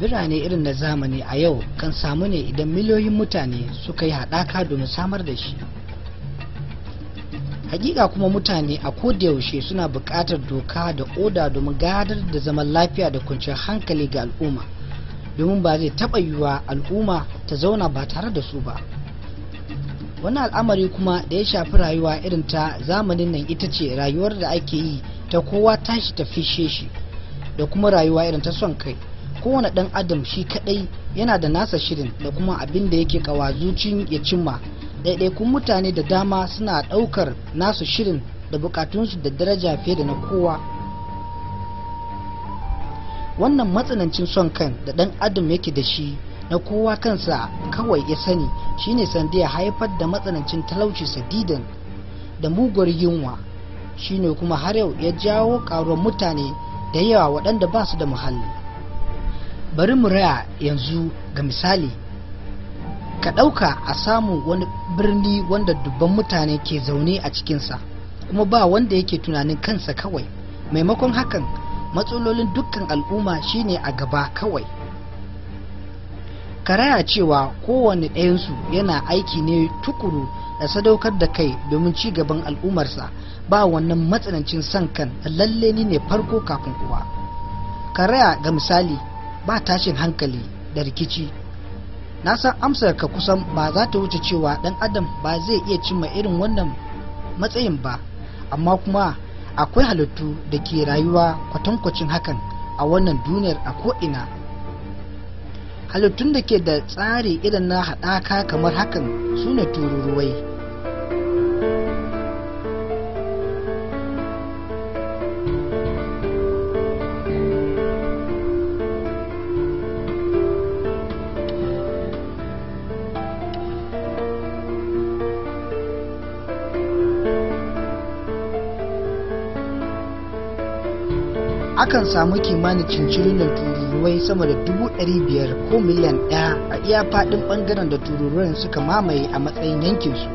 birane irin na zamani a yau kan samu ne idan miliyoyin mutane suka yi haɗaka domin samar da shi hakika kuma mutane a kodayaushe suna buƙatar doka da oda domin gadar da zaman lafiya da kwanciyar hankali ga al'umma domin ba zai taɓa yiwuwa al'umma ta zauna ba tare da su ba wani al'amari kuma da ya shafi rayuwa irin ta zamanin nan ita ce rayuwar da ake yi ta kowa tashi ta fishe shi da kuma rayuwa irin ta son kai kowane ɗan adam shi kaɗai yana da nasa shirin da kuma abin da yake kawa zuci ya cimma ɗaiɗaikun mutane da dama suna ɗaukar nasu shirin da bukatunsu da daraja fiye da na kowa wannan matsanancin son kan da ɗan adam yake da shi na kowa kansa kawai ya sani shine sandiya haifar da matsanancin talauci sadidan da muguwar yunwa shine kuma har yau ya jawo ƙaruwar mutane da yawa waɗanda ba su da muhalli bari mu raya yanzu ga misali ka ɗauka a samu wani birni wanda dubban mutane ke zaune a cikinsa kuma ba wanda yake tunanin kansa kawai maimakon hakan matsalolin dukkan al'umma shine a gaba kawai ka raya cewa kowane ɗayansu yana aiki ne tukuru da sadaukar da kai domin ci gaban al'ummarsa ba wannan matsanancin son kan lalle ni ne farko kafin kowa raya ga misali ba tashin hankali da rikici na san amsar ka kusan ba za ta wuce cewa ɗan adam ba zai iya cimma irin wannan matsayin ba amma kuma akwai halittu da ke rayuwa kwatankwacin hakan a wannan duniyar a ko'ina halittun da ke da tsari irin na haɗaka kamar hakan su ne tururuwai akan samu kimanin da tururuwai sama da dubu ɗari biyar ko miliyan ɗaya a iya faɗin ɓangaren da tururuwan suka mamaye a matsayin yankinsu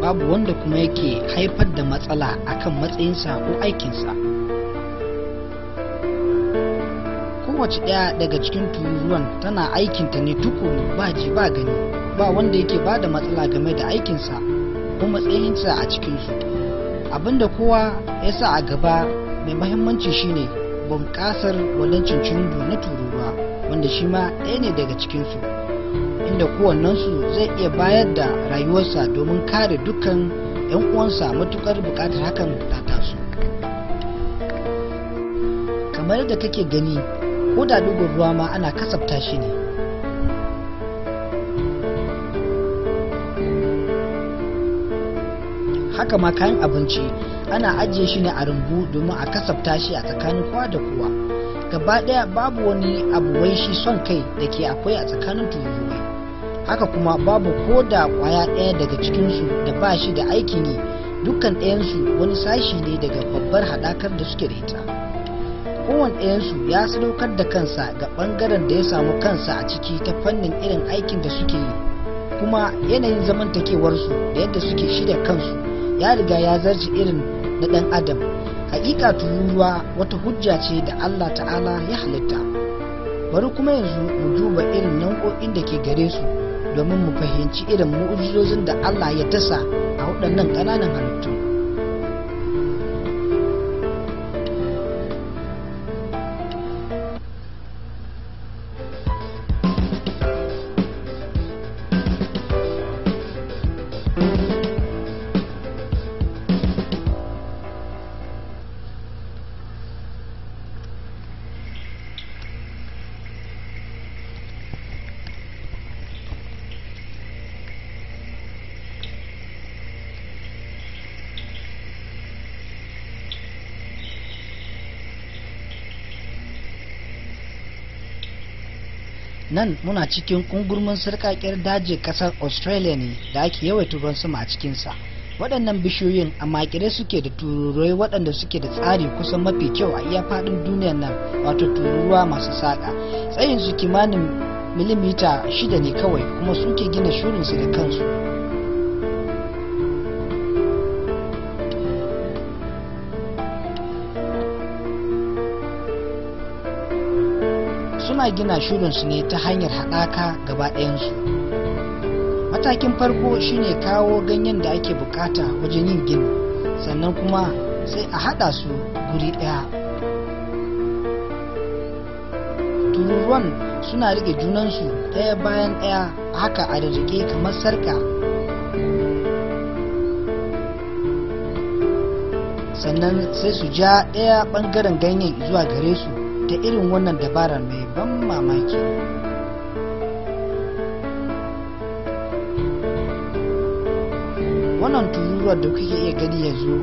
babu wanda kuma yake haifar da matsala akan matsayinsa ko aikinsa kowace ɗaya daga cikin tururuwan tana aikinta ne tukuru ba ji ba gani ba wanda yake ba da matsala game da aikinsa ko matsayinsa a cikinsu abinda kowa ya sa a gaba mai mahimmanci shine bunƙasar wadancin cirudu na tururuwa wanda shi ma ɗaya ne daga cikinsu inda kowannensu zai iya bayar da rayuwarsa domin kare dukkan 'yan uwansa matukar bukatar hakan ta taso kamar da kake gani ko da dugun ruwa ma ana kasafta shi ne haka ma kayan abinci ana ajiye shi ne a rumbu domin a kasafta shi a tsakanin kowa da kowa gaba ɗaya babu wani abu shi son kai da ke akwai a tsakanin tururuwai haka kuma babu ko da kwaya ɗaya daga cikinsu da ba shi da aikin yi dukkan ɗayansu wani sashi ne daga babbar haɗakar da suke da ita kowanne ya sadaukar da kansa ga ɓangaren da ya samu kansa a ciki ta fannin irin aikin da suke yi kuma yanayin zamantakewarsu da yadda suke shirya kansu ya riga ya zarce irin na ɗan adam hakika tururuwa wata hujja ce da allah ta'ala ya halitta bari kuma yanzu mu duba irin nau'o'in da ke gare su domin mu fahimci irin mu'ujizozin da allah ya dasa a waɗannan ƙananan halittu nan muna cikin kungurmin sarƙaƙiyar daji ƙasar australia ne da ake yawaita ruwan sama a cikinsa waɗannan bishiyoyin a makire suke da tururai waɗanda suke da tsari kusan mafi kyau a iya faɗin duniyar nan wato tururuwa masu saƙa tsayinsu kimanin milimita shida ne kawai kuma suke gina shirinsu da kansu suna gina su ne ta hanyar haɗaka gaba ɗayansu matakin farko shine kawo ganyen da ake bukata wajen yin gini sannan kuma sai a haɗa su guri ɗaya tururuwan suna rike junansu ɗaya bayan ɗaya haka a rirrike kamar sarka sannan sai su ja ɗaya ɓangaren ganyen zuwa gare su da irin wannan dabara mai ban mamaki wannan tururuwar da kuke iya gani yanzu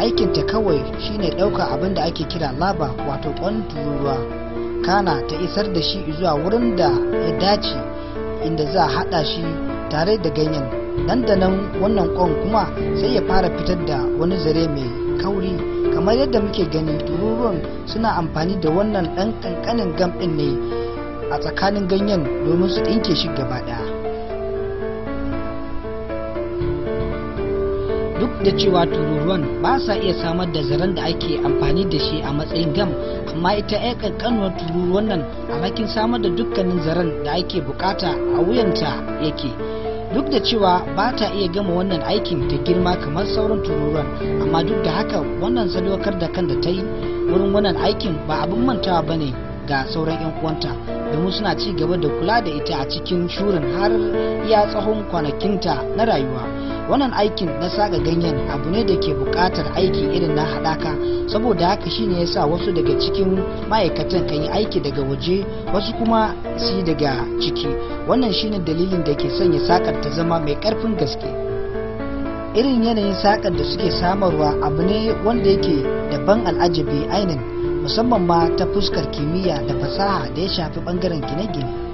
aikinta kawai shine ɗauka abin da ake kira laba wato kwan tururuwa kana ta isar da shi zuwa wurin da ya dace inda za a haɗa shi tare da ganyen nan da nan wannan kwan kuma sai ya fara fitar da wani zare mai kauri kamar yadda muke gani tururuwan suna amfani da wannan ɗan ƙanƙanin gam ɗin ne a tsakanin ganyen domin su ɗinke shi gaba ɗaya duk da cewa tururuwan ba sa iya samar da zaren da ake amfani da shi a matsayin gam amma ita ya kankanuwar tururuwan nan alhakin samar da dukkanin zaren da ake bukata a wuyanta yake duk da cewa ba ta iya gama wannan aikin ta girma kamar sauran tururan amma duk da haka wannan sadaukar da kan da ta yi wurin wannan aikin ba abin mantawa ba ne ga sauran 'yan uwanta domin suna ci gaba da kula da ita a cikin shurin har iya tsahon kwanakinta na rayuwa wannan aikin na saga ganyen abu ne da ke buƙatar aiki irin na haɗaka saboda haka shine sa wasu daga cikin ma'aikatan kan yi aiki daga waje wasu kuma su yi daga ciki wannan shine dalilin da ke sanya sakar ta zama mai ƙarfin gaske irin yanayin sakar da suke samarwa abu ne wanda yake daban al'ajabi ainin musamman ma ta fuskar kimiyya da fasaha da ya shafi ɓangaren gine-gine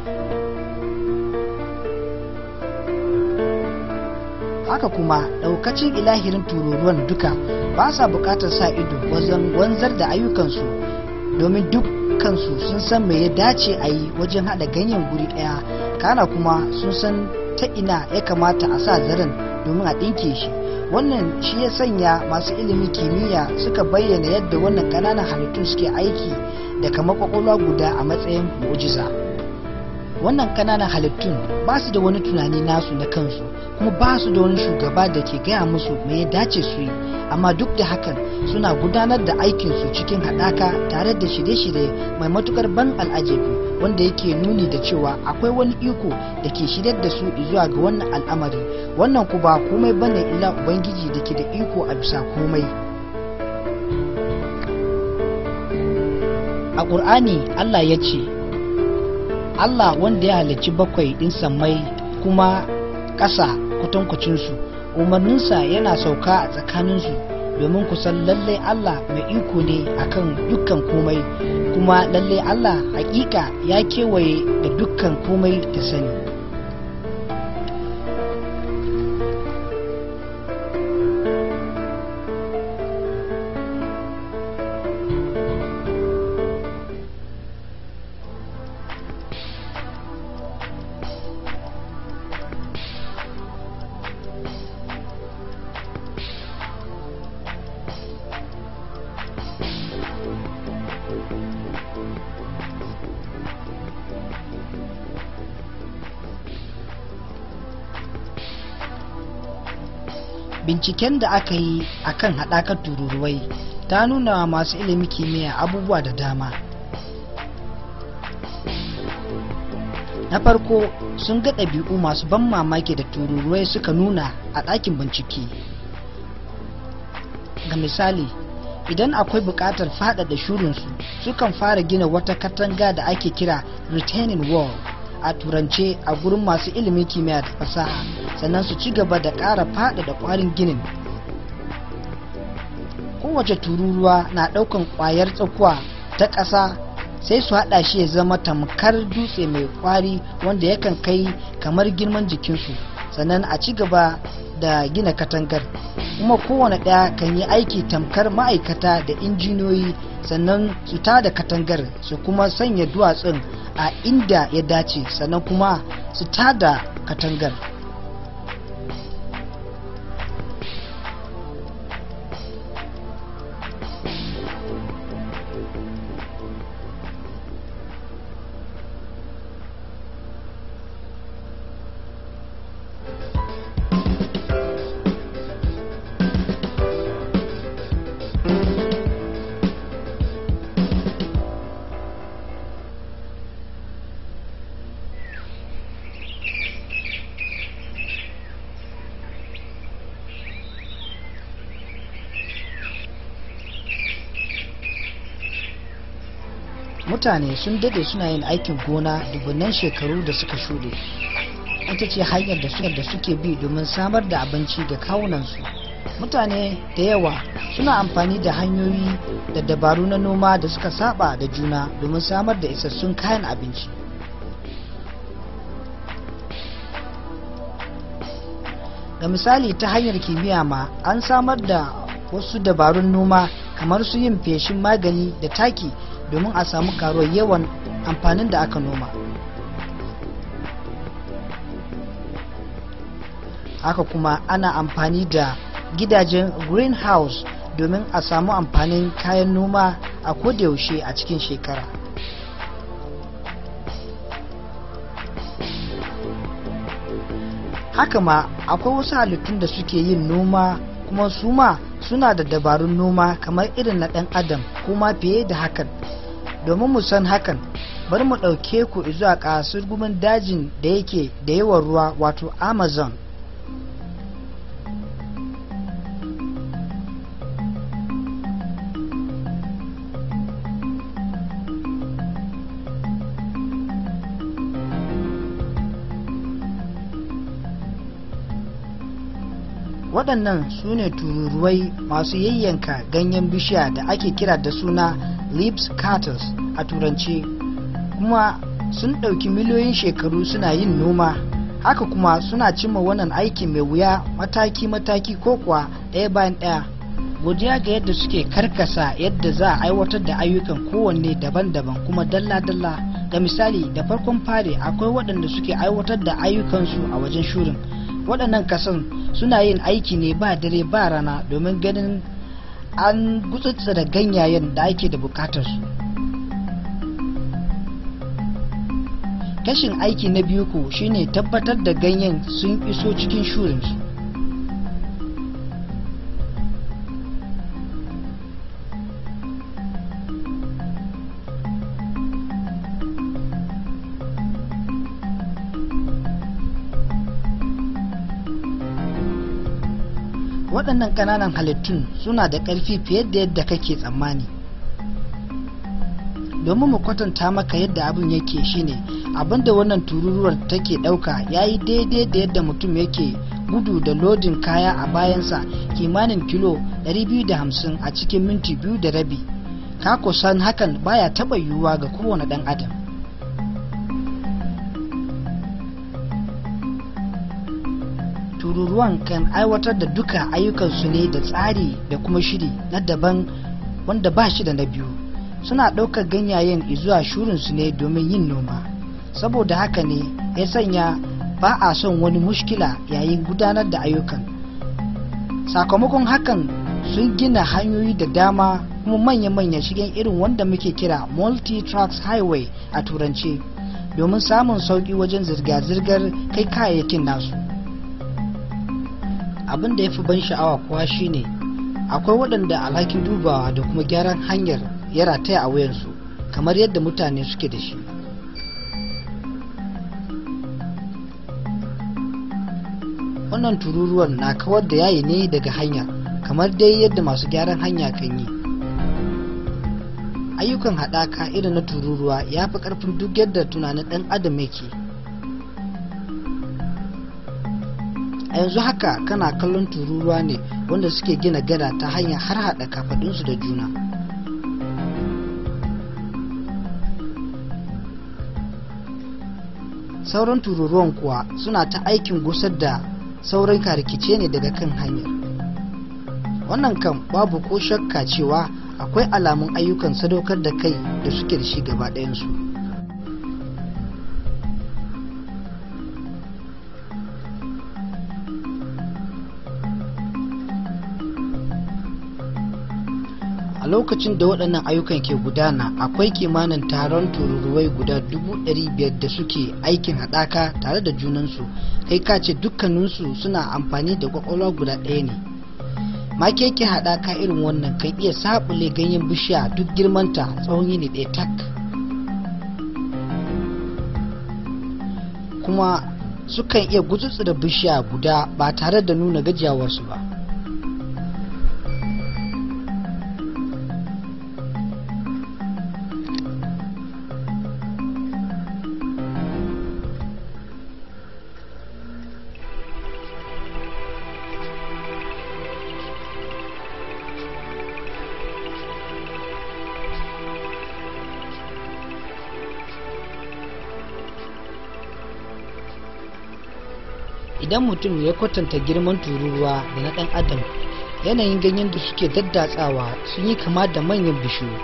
haka kuma daukacin ilahirin tururuwan duka ba sa bukatar sa ido wajen wanzar da ayyukansu domin dukkansu sun san me ya dace a yi wajen haɗa ganyen guri ɗaya kana kuma sun san ta ina ya kamata a sa zaren domin a ɗinke shi wannan shi ya sanya masu ilimin kimiyya suka bayyana yadda wannan ƙananan halittu suke aiki da kamar kwakwalwa guda a matsayin mu'jiza. wannan kananan halittun ba su da wani tunani nasu na kansu kuma ba su da wani shugaba da ke gaya musu mai ya dace su yi amma duk da hakan suna gudanar da aikinsu cikin haɗaka tare da shirye-shirye mai matukar ban al'ajabi wanda yake nuni da cewa akwai wani iko da ke shiryar da su zuwa ga wannan al'amari wannan ku ba komai bane illa ubangiji da ke da iko a bisa komai a ƙur'ani allah ya ce Allah wanda ya halicci bakwai ɗin sammai kuma ƙasa kwatankwacinsu umarninsa yana sauka a tsakaninsu domin kusan lallai Allah mai iko ne akan dukkan komai kuma lallai Allah hakika ya kewaye da dukkan komai da sani binciken da aka yi a kan haɗakar tururuwai ta nuna masu ilimin kimiyya abubuwa da dama na farko sun ga ɗabi'u masu ban mamaki da tururuwai suka nuna a ɗakin bincike ga misali idan akwai buƙatar faɗaɗa shurinsu sukan fara gina wata katanga da ake kira retaining wall a turance a gurin masu ilimin kimiyya da fasaha sannan su ci gaba da ƙara faɗaɗa ƙwarin ginin kowace tururuwa na ɗaukan ƙwayar tsakuwa ta ƙasa sai su haɗa shi ya zama tamkar dutse mai ƙwari wanda yakan kai kamar girman jikinsu sannan a ci gaba da gina katangar kuma kowane ɗaya kan yi aiki tamkar ma'aikata da injiniyoyi sannan su tada katangar su kuma sanya duwatsun a inda ya dace sannan kuma su tada katangar mutane sun dade suna yin aikin gona dubunan shekaru da suka shuɗe ita ce hanyar da suke bi domin samar da abinci ga kawunansu mutane da yawa suna amfani da hanyoyi da dabaru na noma da suka saba da juna domin samar da isassun kayan abinci ga misali ta hanyar kimiyya ma an samar da wasu dabarun noma kamar su yin feshin magani da taki domin a samu karuwar yawan amfanin da aka noma haka kuma ana amfani da gidajen greenhouse domin a samu amfanin kayan noma a kodayaushe a cikin shekara haka ma akwai wasu halittun da suke yin noma kuma suma suna da dabarun noma kamar irin na ɗan adam kuma fiye da hakan domin mu san hakan bari mu ɗauke ku zuwa ƙasar dajin da yake da yawan ruwa wato amazon waɗannan su ne tururuwai masu yayyanka ganyen bishiya da ake kira da suna leaves cattles a turance kuma sun ɗauki miliyoyin shekaru suna yin noma haka kuma suna cimma wannan aikin mai wuya mataki-mataki ko kuwa ɗaya bayan ɗaya godiya ga yadda suke karkasa yadda za a aiwatar da ayyukan kowanne daban-daban kuma dalla-dalla ga misali da farkon fari akwai waɗanda suke aiwatar da ayyukansu a wajen shirin waɗannan kasan suna yin aiki ne ba dare ba rana domin ganin an da ganyayen da ake da bukatar su kashin aiki na biyu ko shine tabbatar da ganyen sun iso cikin shurinsu waɗannan ƙananan halittun suna da ƙarfi fiye da yadda kake tsammani domin mu kwatanta maka yadda abin yake shine abinda wannan tururuwar take ɗauka ya yi daidai da yadda mutum yake gudu da lodin kaya a bayansa kimanin kilo 250 a cikin minti biyu da rabi kakosan hakan baya taɓa yiwuwa ga kowane ɗan adam tururuwan kan aiwatar da duka ayyukansu ne da tsari da kuma shiri na daban wanda ba shi da na biyu suna ɗaukar ganyayen zuwa shurinsu ne domin yin noma saboda haka ne ya sanya ba a son wani mushkila yayin gudanar da ayyukan sakamakon hakan sun gina hanyoyi da dama kuma manya-manya shigen irin wanda muke kira multi-tracks highway a turance domin samun sauƙi wajen zirga-zirgar kai kayayyakin nasu abin da ya fi ban sha'awa kuwa shine akwai waɗanda alhakin dubawa da kuma gyaran hanyar ya rataya a wuyansu kamar yadda mutane suke da shi wannan tururuwan na kawar da yayi ne daga hanya kamar dai yadda masu gyaran hanya kan yi ayyukan haɗaka irin na tururuwa ya fi ƙarfin duk yadda tunanin ɗan adam yake a yanzu haka kana kallon tururuwa ne wanda suke gina gada ta hanyar har hada kafadunsu da juna sauran tururuwan kuwa suna ta aikin gusar da sauran karikice ne daga kan hanyar wannan kan babu ko shakka cewa akwai alamun ayyukan sadaukar da kai da suke da shi gaba ɗayansu lokacin da waɗannan ayyukan ke gudana akwai kimanin taron tururuwai guda dubu ɗari biyar da suke aikin haɗaka tare da junansu kai ka ce dukkaninsu suna amfani da kwakwalwa guda ɗaya ne makeke haɗaka irin wannan kan iya sabule ganyen bishiya duk girmanta tsawon yini ɗaya tak kuma sukan iya gutsutsu bishiya guda ba tare da nuna gajiyawarsu ba idan mutum ya kwatanta girman tururuwa da na dan adam yanayin ganyen da suke daddatsawa sun yi kama da manyan bishiyu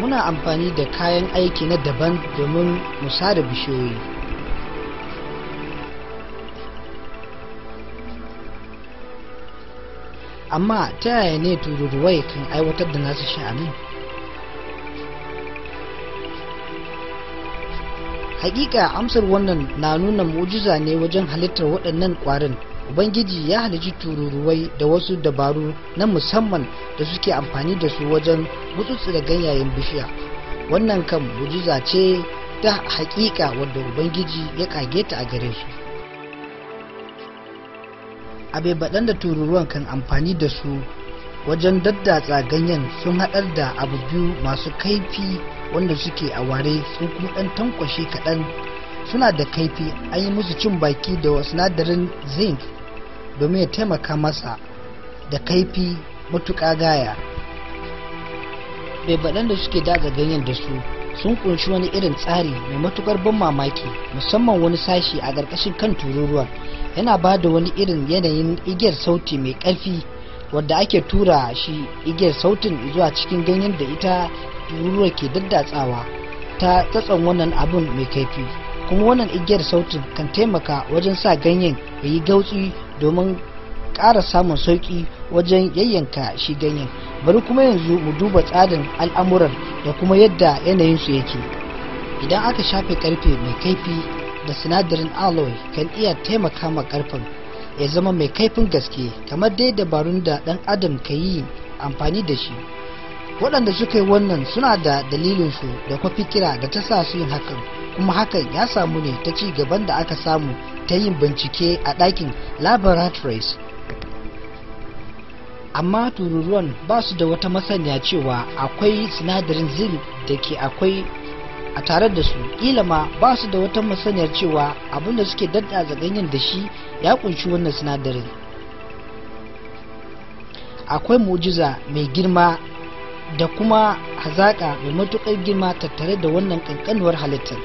muna amfani da kayan aiki na daban domin musa da bishiyoyi amma ta yaya ne tururuwai kan aiwatar da nasu sha'anin hakika amsar wannan na nuna mujiza ne wajen halittar waɗannan ƙwarin ubangiji ya halici tururuwai da wasu dabaru na musamman da suke amfani da su wajen gutsutsu da ganyayen bishiya wannan kan mujiza ce ta hakika wadda ubangiji ya kage ta a gare su baɗan da tururuwan kan amfani da su wajen daddatsa ganyen sun haɗar da abu biyu masu kaifi wanda suke a ware sun kuma ɗan tankwashe kaɗan suna da kaifi an yi musu cin baki da sinadarin zinc domin ya taimaka masa da kaifi matuƙa gaya bebaɗen da suke daga ganyen da su sun kunshi wani irin tsari mai matukar ban mamaki musamman wani sashi a ƙarƙashin kan tururuwan yana ba da wani irin yanayin igiyar sauti mai ƙarfi wadda ake tura shi igiyar sautin zuwa cikin ganyen da ita tururuwar ke daddatsawa ta tsatson wannan abun mai kaifi kuma wannan igiyar sautin kan taimaka wajen sa ganyen ya yi gautsi domin ƙara samun sauƙi wajen yayyanka shi ganyen bari kuma yanzu mu duba tsarin al'amuran da kuma yadda yanayinsu yake idan aka shafe karfe mai kaifi da sinadarin alloy kan iya taimaka ma karfin ya zama mai kaifin gaske kamar dai dabarun da ɗan adam ka yi amfani da shi waɗanda suka yi wannan suna da dalilinsu da kuma fikira da ta sa su yin hakan kuma hakan ya samu ne ta ci gaban da aka samu ta yin bincike a ɗakin laboratories amma tururuwan ba su da wata masaniya cewa akwai sinadarin zil da ke akwai a tare da su kila ma ba su da wata masaniyar cewa abin da suke daddatsa ganyen da shi ya kunshi wannan sinadarin akwai mujiza mai girma da kuma hazaƙa mai matuƙar girma tattare da wannan ƙanƙanuwar halittar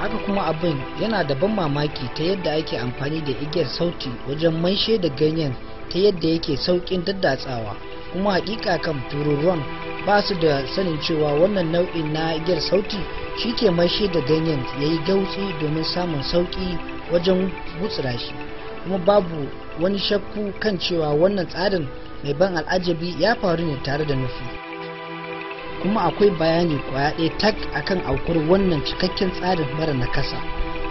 haka kuma abin yana da ban mamaki ta yadda ake amfani da igiyar sauti wajen maishe da ganyen ta yadda yake sauƙin daddatsawa kuma haƙiƙa kan tururuwan ba su da sanin cewa wannan nau'in na igiyar sauti shi ke maishe da ganyen ya yi gautsi domin samun sauƙi wajen gutsura shi kuma babu wani shakku kan cewa wannan tsarin mai ban al'ajabi ya faru ne tare da nufi kuma akwai bayani kwaya ɗaya tak akan aukuwar wannan cikakken tsarin mara nakasa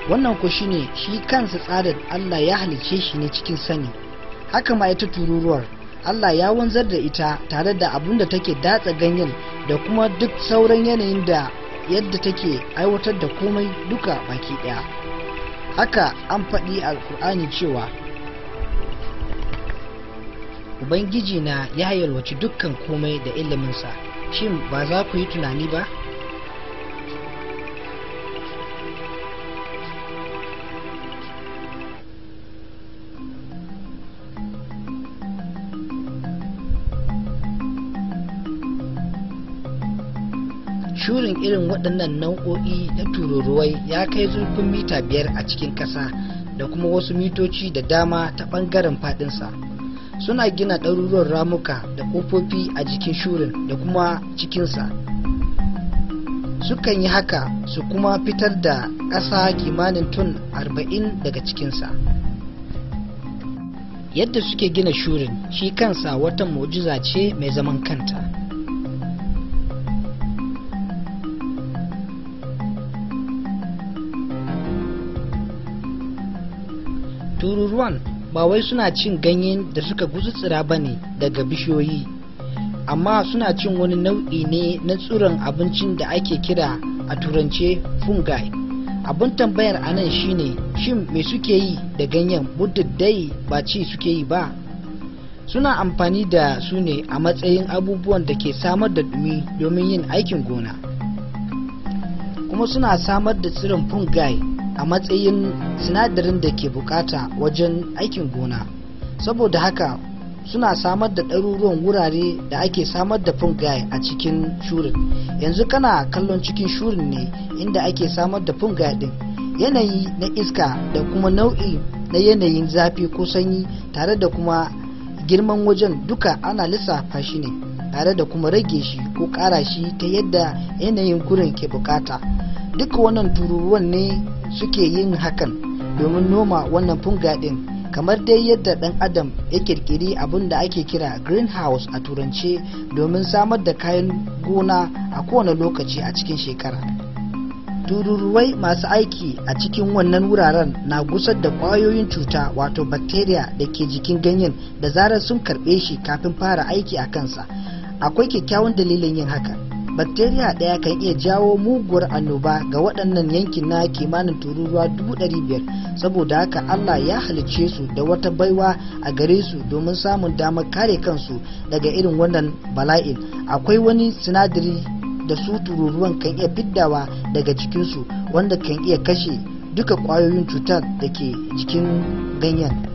wannan ko shine shi kansa tsarin allah ya halice shi ne cikin sani haka ma ita tururuwar allah ya wanzar da ita tare da abun da take datsa ganyen da kuma duk sauran yanayin da yadda take aiwatar da komai duka baki ɗaya haka an faɗi alkur'ani cewa ubangiji na ya yalwaci dukkan komai da iliminsa shin ba za ku yi tunani ba shurin irin waɗannan nau'o'i na tururuwai ya kai zurfin mita biyar a cikin ƙasa da kuma wasu mitoci da dama ta ɓangaren faɗinsa suna gina ɗaruruwan ramuka da ƙofofi a jikin shurin da kuma cikinsa sukan yi haka su kuma fitar da ƙasa kimanin tun 40 daga cikinsa yadda suke gina shurin shi kansa wata mujiza ce mai zaman kanta abubuwan ba wai suna cin ganyen da suka guzutsira ba ne daga bishiyoyi amma suna cin wani nau'i ne na tsuron abincin da ake kira a turance fungi abin tambayar a anan shine shin me suke yi da ganyen dai ba ci suke yi ba suna amfani da su ne a matsayin abubuwan da ke samar da dumi domin yin aikin gona kuma suna samar da tsirin fungi a matsayin sinadarin da ke bukata wajen aikin gona saboda haka suna samar da ɗaruruwan wurare da ake samar da fungi a cikin shurin yanzu kana kallon cikin shurin ne inda ake samar da fungi din yanayi na iska da kuma nau'i na yanayin zafi ko sanyi tare da kuma girman wajen duka ana lissafa shi ne tare da kuma rage shi ko ƙara shi ta yadda yanayin gurin ke bukata duka wannan tururuwan ne suke yin hakan domin noma wannan funga ɗin kamar dai yadda ɗan adam ya kirkiri abin da ake kira greenhouse a turance domin samar da kayan gona a kowane lokaci a cikin shekara tururuwai masu aiki a cikin wannan wuraren na gusar da ƙwayoyin cuta wato bacteria da ke jikin ganyen da zarar sun karɓe shi kafin fara aiki a kansa akwai kyakkyawan dalilin yin haka bakteriya ɗaya kan iya jawo muguwar annoba ga waɗannan yankin na kimanin tururuwa 500 saboda haka allah ya halicce su da wata baiwa a gare su domin samun damar kare kansu daga irin wannan bala'in akwai wani sinadari da su tururuwan kan iya fiddawa daga cikinsu wanda kan iya kashe duka kwayoyin cutar da ke jikin ganyen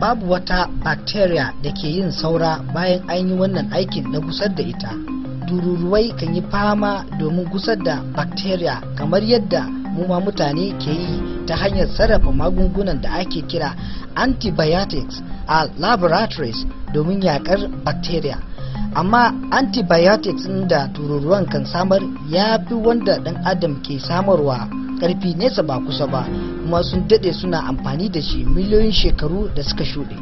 babu wata bacteria da ke yin saura bayan an yi wannan aikin na gusar da ita dururuwai kan yi fama domin gusar da bacteria kamar yadda mu ma mutane ke yi ta hanyar sarrafa magungunan da ake kira antibiotics a laboratories domin yakar bacteria amma antibiotics da tururuwan kan samar ya fi wanda ɗan adam ke samarwa karfi nesa ba kusa ba kuma sun daɗe suna amfani da shi miliyoyin shekaru da suka shuɗe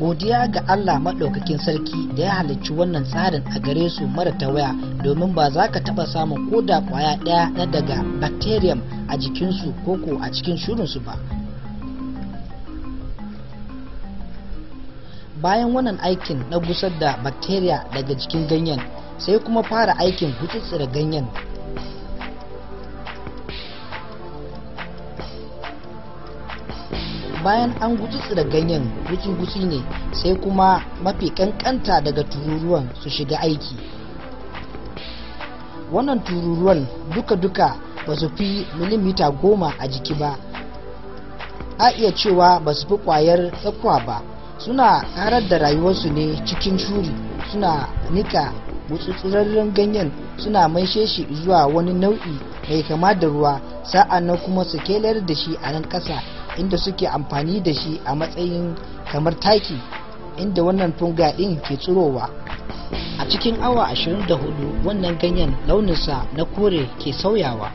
godiya ga allah maɗaukakin sarki da ya halarci wannan tsarin a gare su mara tawaya domin ba za ka taɓa samun ko da ƙwaya ɗaya na daga bacterium a jikinsu koko a cikin shirinsu ba bayan wannan aikin na gusar da bacteria daga jikin ganyen sai kuma fara aikin hutsutsura ganyen bayan an gutsutsu da ganyen gutsu-gutsu ne sai kuma mafi kankanta daga tururuwan su shiga aiki wannan tururuwan duka-duka ba su fi milimita goma a jiki ba a iya cewa ba su fi kwayar tsakuwa ba suna karar da rayuwarsu ne cikin shuri suna nika gutsutsurarren ganyen suna maishe shi zuwa wani nau'i mai kama da ruwa sa'annan na kuma su kelar da shi a nan ƙasa inda suke amfani da shi a matsayin kamar taki inda wannan funga ɗin ke tsirowa a cikin awa 24 wannan ganyen launinsa na kore ke sauyawa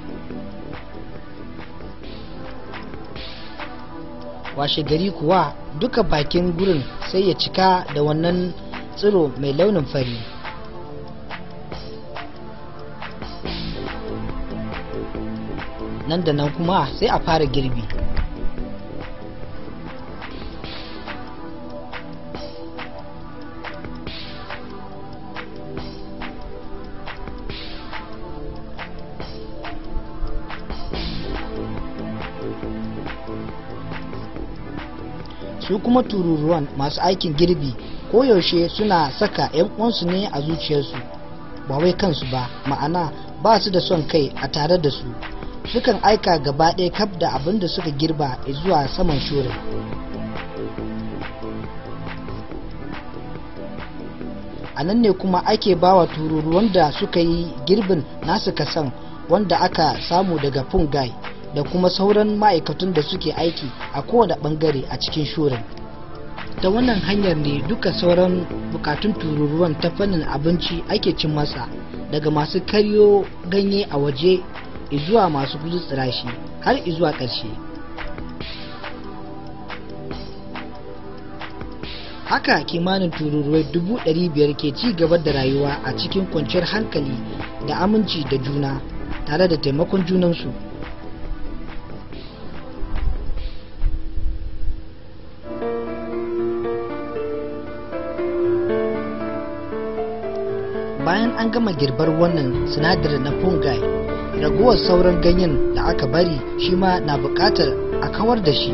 washe gari kuwa duka bakin gurin sai ya cika da wannan tsiro mai launin fari nan da nan kuma sai a fara girbi su kuma tururuwan masu aikin girbi koyaushe suna saka 'yan uwansu ne a zuciyarsu ba wai kansu ba ma'ana ba su da son kai a tare da su sukan aika gaba ɗaya kaf da abin da suka girba zuwa saman shurin a nan ne kuma ake bawa tururuwan da suka yi girbin nasu kasan wanda aka samu daga fungi da kuma sauran ma'aikatun da suke aiki a kowane bangare a cikin shurin ta wannan hanyar ne duka sauran bukatun tururuwan ta fannin abinci ake cin masa daga masu karyo ganye a waje izuwa masu kuzu tsirashi har izuwa ƙarshe haka kimanin tururuwai dubu ɗari biyar ke ci gaba da rayuwa a cikin kwanciyar hankali da aminci da juna tare da taimakon junansu an gama girbar wannan sinadarin na fungi raguwar sauran ganyen da aka bari shi ma na bukatar a kawar da shi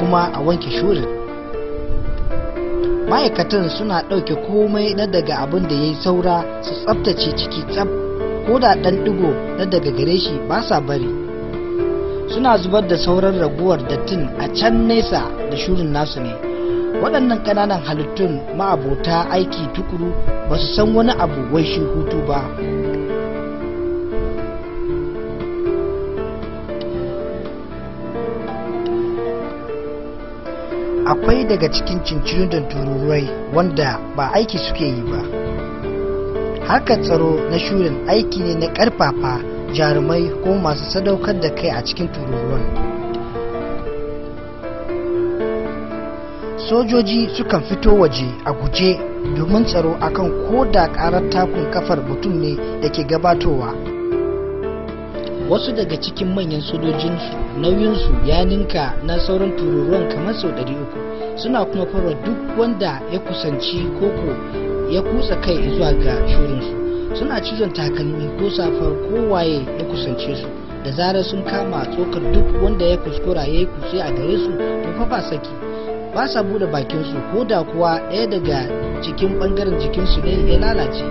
kuma a wanke shurin ma'aikatan suna ɗauke komai na daga abin da ya yi saura su tsabtace ciki tsab ko da ɗan ɗigo na daga gare shi ba sa bari suna zubar da sauran raguwar dattin a can nesa da shurin nasu ne waɗannan ƙananan halittun ma'abota aiki tukuru ba su san wani abu wai shi hutu ba akwai daga cikin cincirin da tururai wanda ba aiki suke yi ba harkar tsaro na shirin aiki ne na ƙarfafa jarumai ko masu sadaukar da kai a cikin tururuwan sojoji sukan fito waje a guje domin tsaro akan ko da karar takun kafar mutum ne da ke gabatowa wasu daga cikin manyan sojojinsu nauyinsu ya ninka na sauran tururuwan kamar sau 300 suna kuma fara duk wanda ya kusanci koko ya kutsa kai zuwa ga shirinsu suna cizon takalmi ko safar kowaye ya kusance su da zarar sun kama tsokar duk wanda ya kuskura ya yi kusa a gare su to fa saki ba sa bude bakinsu ko da kuwa ɗaya daga cikin ɓangaren jikinsu ne ya lalace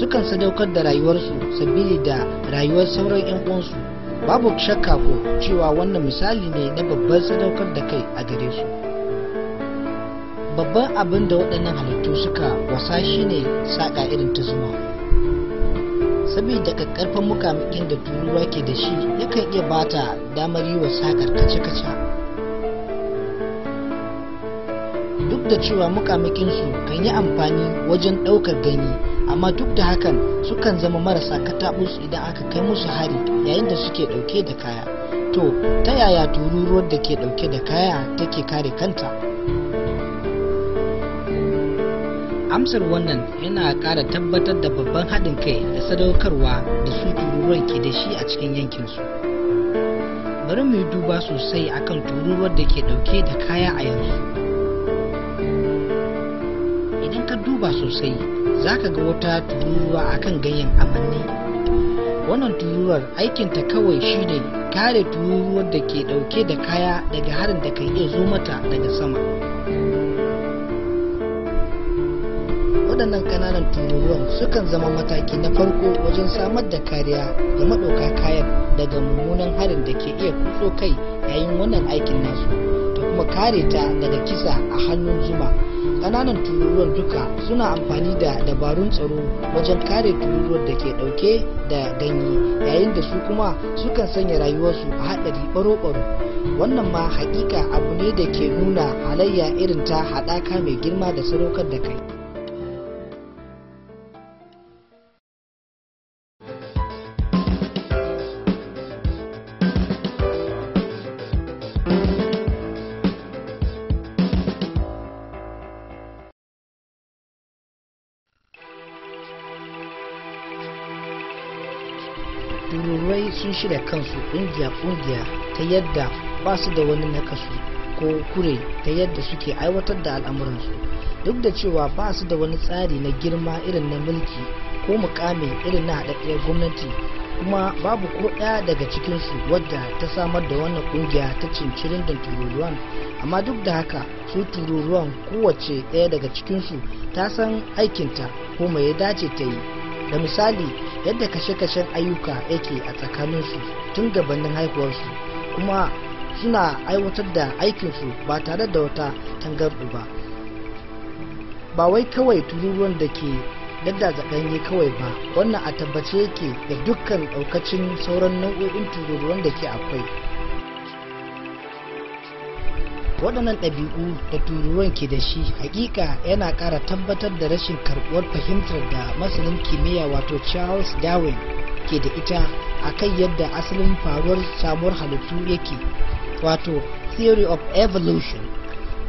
sukan sadaukar da rayuwarsu sabili da rayuwar sauran 'yan uwansu babu shakka ko cewa wannan misali ne na babban sadaukar da kai a gare su babban abin da waɗannan halittu suka wasa shine saƙa irin ta zuma saboda ƙaƙƙarfan mukamin da turuwa ke da shi yakan iya bata damar yi wa saƙar kace-kace duk da cewa mukamakinsu kan yi amfani wajen ɗaukar gani amma duk da hakan sukan zama marasa katabus idan aka kai musu hari yayin da suke ɗauke da kaya to ta yaya tururuwar da ke ɗauke da kaya take kare kanta amsar wannan yana ƙara tabbatar da babban haɗin kai da sadaukarwa da su tururuwar ke da shi a cikin yankinsu bari mu yi duba sosai akan tururuwar da ke ɗauke da kaya a yanzu duba sosai za ka ga wata tururuwa kan ganyen amanni wannan tururuwar aikinta kawai shi shine kare tururuwar da ke dauke da kaya daga harin da kan iya zo mata daga sama waɗannan ƙananan tururuwan sukan zama mataki na farko wajen samar da kariya da maɗauka kayan daga mummunan harin da ke iya kutso kai yayin wannan aikin nasu kuma kare ta daga kisa a hannun zuma kananan tururuwan duka suna amfani da dabarun tsaro wajen kare tururuwan da ke dauke da ganye yayin da su kuma sukan sanya rayuwarsu a haɗari baro-baro wannan ma hakika abu ne da ke nuna halayya irin ta haɗaka mai girma da sarokar da kai shirya kansu kungiya-kungiya ta yadda ba su da wani nakasu ko kure ta yadda suke aiwatar da al'amuransu duk da cewa ba su da wani tsari na girma irin na mulki ko mukami irin na haɗaɗɗiyar gwamnati kuma babu ko ɗaya daga cikinsu wadda ta samar da wannan kungiya ta cincirin da tururuwan amma duk da haka su tururuwan kowace ɗaya daga cikinsu ta san aikinta ko mai dace ta yi da misali yadda kashe-kashen ayyuka yake a tsakaninsu tun gabanin haihuwarsu kuma suna aiwatar da aikinsu ba tare da wata tangarɗu ba ba wai kawai tururuwan da ke daddaza ganye kawai ba wannan a tabbace yake da dukkan ɗaukacin sauran nau'o'in tururuwan da ke akwai waɗannan ɗabi'u da turuwan ke da shi hakika yana ƙara tabbatar da rashin karɓuwar fahimtar da masanin kimiyya wato charles darwin ke da ita a kan yadda asalin faruwar samuwar halittu yake wato theory of evolution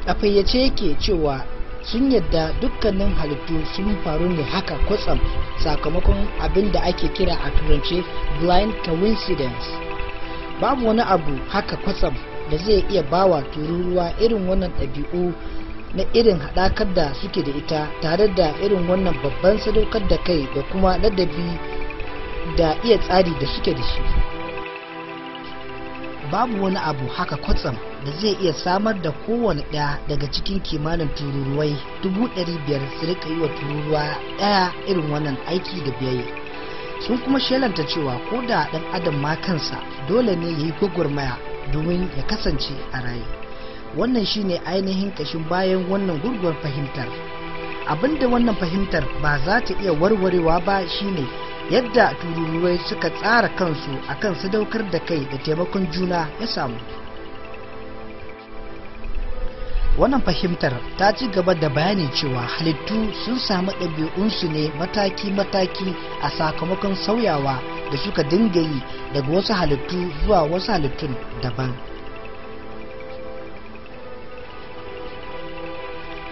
a fayyace yake cewa sun yadda dukkanin halittu sun faru ne haka kwatsam sakamakon abin da ake kira a turance blind coincidence babu wani abu haka kwatsam da zai iya bawa tururuwa irin wannan ɗabi'u na irin haɗakar da suke da ita tare da irin wannan babban sadaukar da kai da kuma ladabi da iya tsari da suke da shi babu wani abu haka kwatsam da zai iya samar da kowane ɗaya daga cikin kimanin tururuwai dubu ɗari biyar su rika yi wa tururuwa ɗaya irin wannan aiki da biyayya sun kuma shelanta cewa ko da ɗan adam ma kansa dole ne ya yi gwagwarmaya domin ya kasance a raye wannan shine ainihin kashin bayan wannan gurguwar fahimtar abinda wannan fahimtar ba za ta iya warwarewa ba shine yadda tururuwai suka tsara kansu akan sadaukar da kai da taimakon juna ya samu wannan fahimtar ta ci gaba da bayani cewa halittu sun samu ɗabi'unsu ne mataki-mataki a sakamakon sauyawa da suka dinga yi daga wasu halittu zuwa wasu halittun daban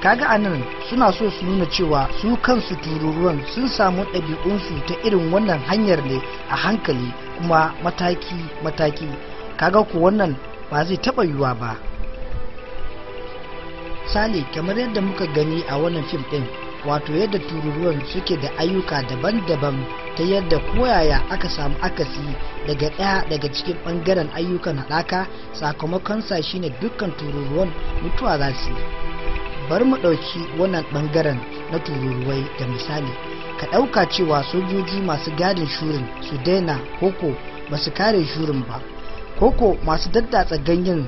kaga anan suna so su nuna cewa su kansu tururuwan sun samu ɗabi'unsu ta irin wannan hanyar ne a hankali kuma mataki-mataki kaga ku wannan ba zai taɓa yiwuwa ba misali kamar yadda muka gani a wannan fim ɗin wato yadda tururuwan suke da ayyuka daban-daban ta yadda koyaya aka samu akasi daga ɗaya daga cikin ɓangaren ayyukan haɗaka sakamakon sa shine dukkan tururuwan mutuwa za su bar mu ɗauki wannan ɓangaren na tururuwai da misali ka ɗauka cewa sojoji masu gadin shurin su daina koko ba kare shurin ba koko masu daddatsa ganyen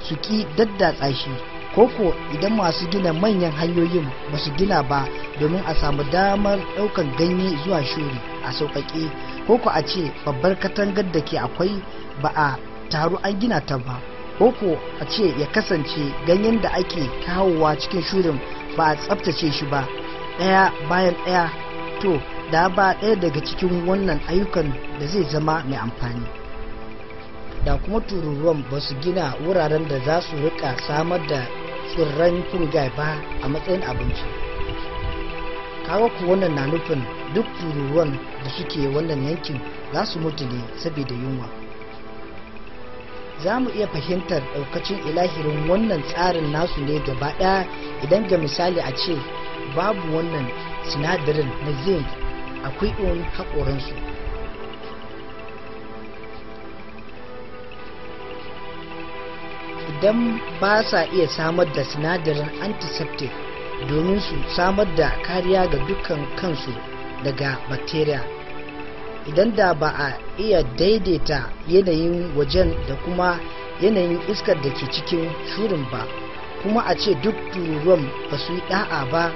su ki daddatsa shi koko idan masu gina manyan hanyoyin ba su gina ba domin a samu damar ɗaukar ganye zuwa shuri a sauƙaƙe koko a ce babbar katangar da ke akwai ba a taru an gina ta ba koko a ce ya kasance ganyen da ake kawowa cikin shurin ba a tsabtace shi ba ɗaya bayan ɗaya to da ba ɗaya daga cikin wannan ayyukan da zai zama mai amfani da kuma tururuwan ba su gina wuraren da za su rika samar da tsirran fungi ba a matsayin abinci kawo ku wannan na nufin duk tururuwan da suke wannan yankin za su mutu ne saboda yunwa za mu iya fahimtar daukacin ilahirin wannan tsarin nasu ne gaba ɗaya idan ga misali a ce babu wannan sinadarin na zinc akwai ɗin haƙoransu idan ba sa iya samar da sinadarin antiseptic domin su samar da kariya ga dukkan kansu daga bacteria idan da ba a iya daidaita yanayin wajen da kuma yanayin iskar da ke cikin shurin ba kuma a ce duk tururuwan ba su yi da'a ba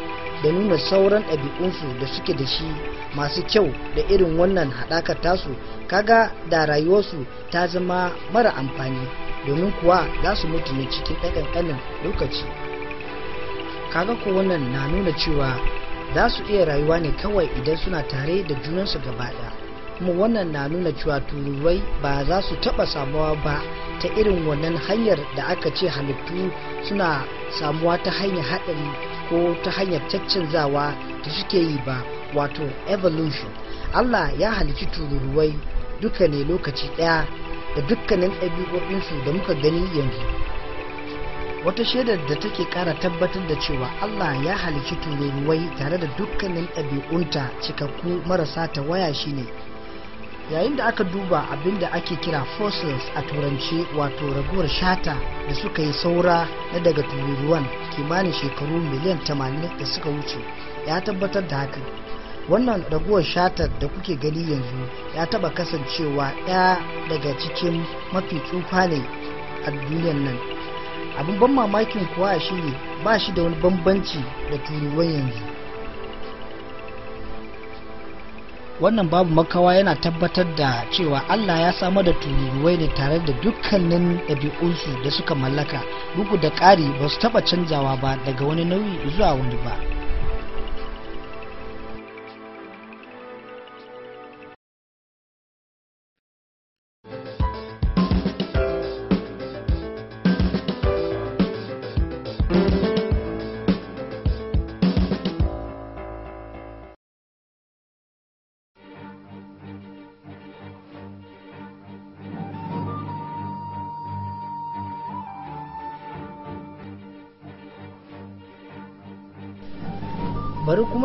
da nuna sauran ɗabi'unsu da suke da shi masu kyau da irin wannan haɗakar tasu kaga da rayuwarsu ta zama mara amfani domin kuwa za su mutu ne cikin ƙanƙanin lokaci kaga ko wannan na nuna cewa za su iya rayuwa ne kawai idan suna tare da junansu gaba ɗaya kuma wannan na nuna cewa turuwai ba za su taɓa samuwa ba ta irin wannan hanyar da aka ce halittu suna samuwa ta hanyar haɗari ko ta hanyar caccanzawa da suke yi ba wato evolution allah ya halici tururuwai duka ne lokaci ɗaya da dukkanin ɗabi'o'insu da muka gani yanzu wata shaidar da take ƙara tabbatar da cewa allah ya halici tururuwai tare da dukkanin ɗabi'unta cikakku marasa ta waya shine yayin da aka duba abin da ake kira fossils a turance wato raguwar shata da suka yi saura na daga tururuwan kimanin shekaru miliyan 80 da suka wuce ya tabbatar da haka. wannan raguwar shatar da kuke gani yanzu ya taba kasancewa ɗaya daga cikin mafi tsufa ne a duniyar nan abin ban mamakin kuwa shi ne ba shi da wani bambanci da turuwan yanzu wannan babu makawa yana tabbatar da cewa allah ya samar da tururuwai ne tare da dukkanin ɗabi'unsu da suka mallaka bugu da ƙari ba su taɓa canzawa ba daga wani nauyi zuwa wani ba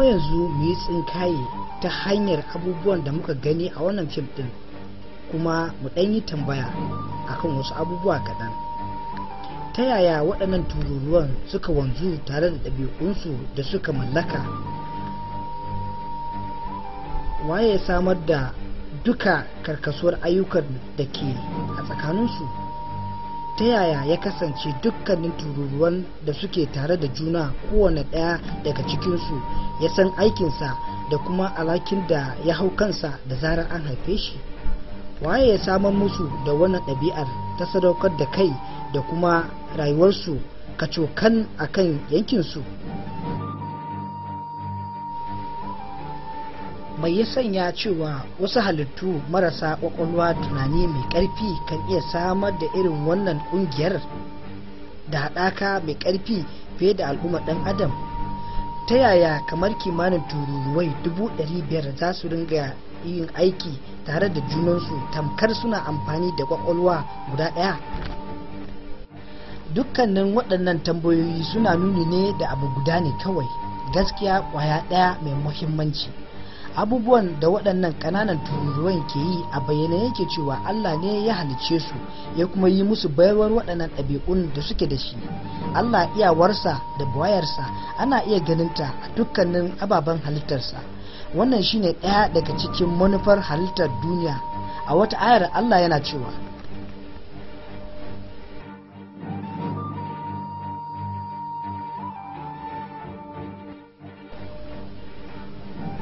yanzu mu yi tsinkaye ta hanyar abubuwan da muka gani a wannan fim ɗin kuma mu ɗan yi tambaya akan wasu abubuwa kaɗan ta yaya waɗannan tururuwan suka wanzu tare da ɗabi'unsu da suka mallaka waye samar da duka karkasuwar ayyukan da ke a tsakaninsu ta yaya ya kasance dukkanin tururuwan da suke tare da juna kowane ɗaya daga cikinsu ya san aikinsa da kuma alhakin da ya hau kansa da zarar an haife shi waye ya samar musu da wannan ɗabi'ar ta sadaukar da kai da kuma rayuwarsu kacokan akan yankinsu mai ya sanya cewa wasu halittu marasa kwakwalwa tunani mai karfi kan iya samar da irin wannan kungiyar da haɗaka mai karfi fiye da al'ummar ɗan adam ta yaya kamar kimanin tururuwai 500,000 za su ringa yin aiki tare da junansu tamkar suna amfani da kwakwalwa guda ɗaya dukkanin waɗannan tambayoyi suna nuni ne da abu guda ne kawai gaskiya ƙwaya ɗaya mai muhimmanci. abubuwan da waɗannan ƙananan tururuwan ke yi a bayyana yake cewa Allah ne ya halice su ya kuma yi musu bayarwar waɗannan ɗabi'un da suke da shi Allah iyawarsa da buwayarsa ana iya ganinta a dukkanin ababen halittarsa wannan shine ɗaya daga cikin manufar halittar duniya a wata ayar Allah yana cewa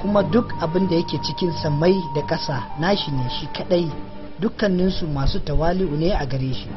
kuma duk abin da yake cikin samai da ƙasa nashi ne shi kaɗai dukkaninsu masu tawali'u ne a gare shi